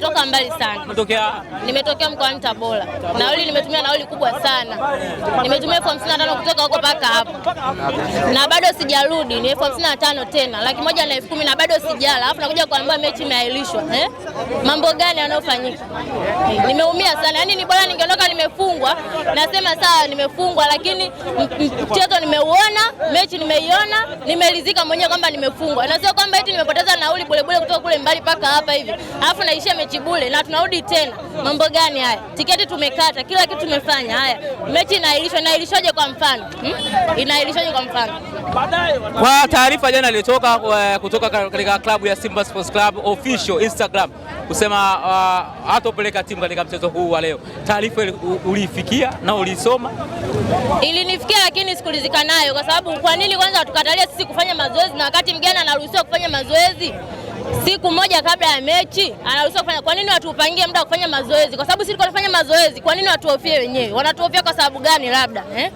nimetoka mbali sana. Umetokea? Nimetokea mkoani Tabora. Nauli nimetumia nauli kubwa sana, nimetumia elfu hamsini na tano kutoka huko mpaka hapo na bado sijarudi, ni elfu hamsini na tano tena, laki moja na elfu kumi na bado sijala, alafu nakuja kuambiwa mechi imeahirishwa eh? Mambo gani yanayofanyika? Nimeumia sana, yaani ni bora ningeondoka nimefungwa. Nasema sawa, nimefungwa, lakini mchezo nimeuona, mechi nimeiona, nimeridhika mwenyewe kwamba nimefungwa, na sio kwamba eti nimepoteza nauli bulebule kutoka kule mbali mpaka hapa hivi, alafu naishia mechi Chibule na tunarudi tena. Mambo gani haya? Tiketi tumekata, kila kitu tumefanya. Haya, mechi inaahirishwa. Inaahirishwaje kwa mfano hmm? Inaahirishwaje kwa mfano? Kwa taarifa jana ilitoka eh, kutoka katika klabu ya Simba Sports Club official Instagram kusema uh, hatopeleka timu katika mchezo huu wa leo. Taarifa uliifikia na ulisoma? Ilinifikia, lakini sikulizika nayo kwa sababu, kwa nini kwanza tukatalia sisi kufanya mazoezi na wakati mgeni anaruhusiwa kufanya mazoezi? siku moja kabla ya mechi anaruhusiwa kufanya. Kwa nini watupangie muda wa kufanya mazoezi? Kwa sababu sisi tulikuwa tunafanya mazoezi, kwa nini watuhofie wenyewe? Wanatuhofia kwa sababu gani? Labda eh?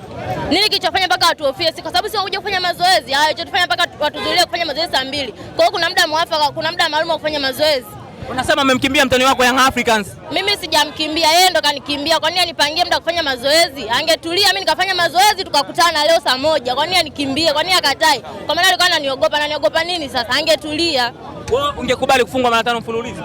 Nini kilichofanya mpaka watuhofie? sisi? kwa sababu sisi wakuja kufanya mazoezi haya, kilichofanya mpaka watuzulie kufanya mazoezi saa mbili. Kwa hiyo kuna muda mwafaka, kuna muda maalum wa kufanya mazoezi. Unasema amemkimbia mtani wako Young Africans? Mimi sijamkimbia, yeye ndo kanikimbia. Kwa nini anipangie muda kufanya mazoezi? Angetulia mimi nikafanya mazoezi tukakutana leo saa moja. Kwa nini anikimbie? Kwa nini akatai? Kwa maana alikuwa ananiogopa, ananiogopa nini sasa? Angetulia. Wewe ungekubali kufungwa mara tano mfululizo?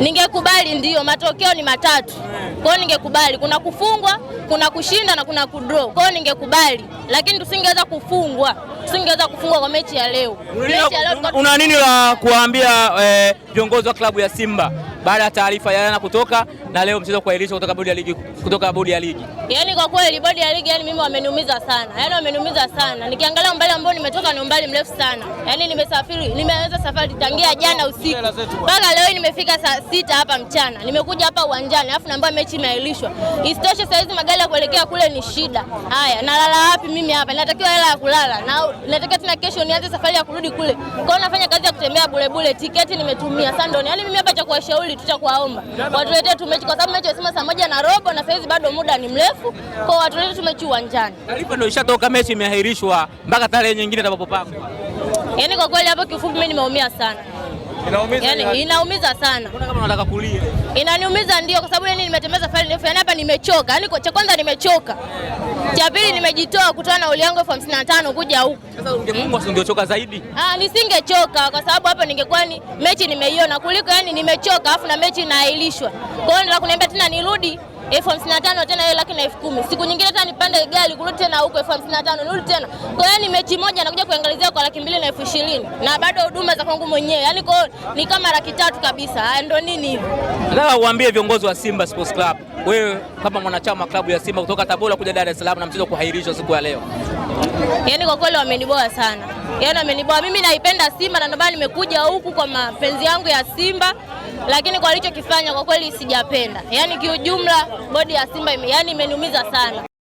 Ningekubali, ndiyo, matokeo ni matatu. Eh. Kwa hiyo ningekubali, kuna kufungwa, kuna kushinda na kuna kudraw. Kwa hiyo ningekubali, lakini tusingeweza kufungwa, tusingeweza kufungwa kwa mechi ya leo. Una nini la kuwaambia eh, viongozi eh, wa klabu ya Simba baada ya taarifa ya jana kutoka na leo mchezo kuahirishwa kutoka bodi ya ligi kutoka bodi ya ligi. Yaani kwa kweli bodi ya ligi yani mimi wameniumiza sana. Yaani wameniumiza sana. Nikiangalia umbali ambao nimetoka ni umbali mrefu sana. Yaani nimesafiri, nimeanza safari tangia jana usiku. Mpaka leo nimefika saa sita hapa mchana. Nimekuja hapa uwanjani afu naambiwa mechi imeahirishwa. Isitoshe saa hizi magari ya kuelekea kule ni shida. Haya, nalala wapi mimi hapa? Natakiwa hela ya kulala. Na natakiwa tena kesho nianze safari ya kurudi kule. Kwa nafanya kazi ya kutembea bure bure. Tiketi nimetumia sandoni. Yaani mimi hapa cha kuwashauri kitu kuwaomba watuletee tu mechi, kwa sababu mechi wasema saa moja na robo na saizi bado muda ni mrefu, kwa watuletee tu mechi uwanjani. Taarifa ndio ishatoka, mechi imeahirishwa mpaka tarehe nyingine itakapopangwa. Yaani kwa kweli hapo kifupi mimi nimeumia sana. Inaumiza yani, inaumiza sana. Mbona kama unataka kulia? Inaniumiza ndio, kwa sababu yani nimetembeza faili ndefu, yani hapa nimechoka. Yani cha kwanza nimechoka, cha pili nimejitoa kutoa nauli yangu elfu hamsini na tano kuja huku. Sasa ungefungwa, hmm, ungechoka zaidi? Ah, nisingechoka kwa sababu hapa ningekuwa ni mechi nimeiona kuliko yani nimechoka, afu na mechi inaahirishwa. Kwa hiyo ndio kuniambia tena nirudi elfu hamsini na tano tena laki na elfu kumi siku nyingine tena nipande gari kurudi tena huko elfu hamsini na tano nirudi tena. Kwa hiyo yani mechi moja nakuja kuangalizia kwa laki mbili na elfu ishirini na bado huduma za kwangu mwenyewe, yani kwa ni kama laki tatu kabisa, ndo nini hivyo. Nataka uambie viongozi wa Simba Sports Club, wewe kama mwanachama wa klabu ya Simba kutoka Tabora kuja Dar es Salaam na mchezo kuhairishwa siku ya leo. Yaani kwa kweli wameniboa sana, yaani wameniboa. Mimi naipenda Simba na ndio maana nimekuja huku kwa mapenzi yangu ya Simba, lakini kwa alichokifanya kwa kweli sijapenda. Yaani kiujumla, bodi ya Simba yaani imeniumiza sana.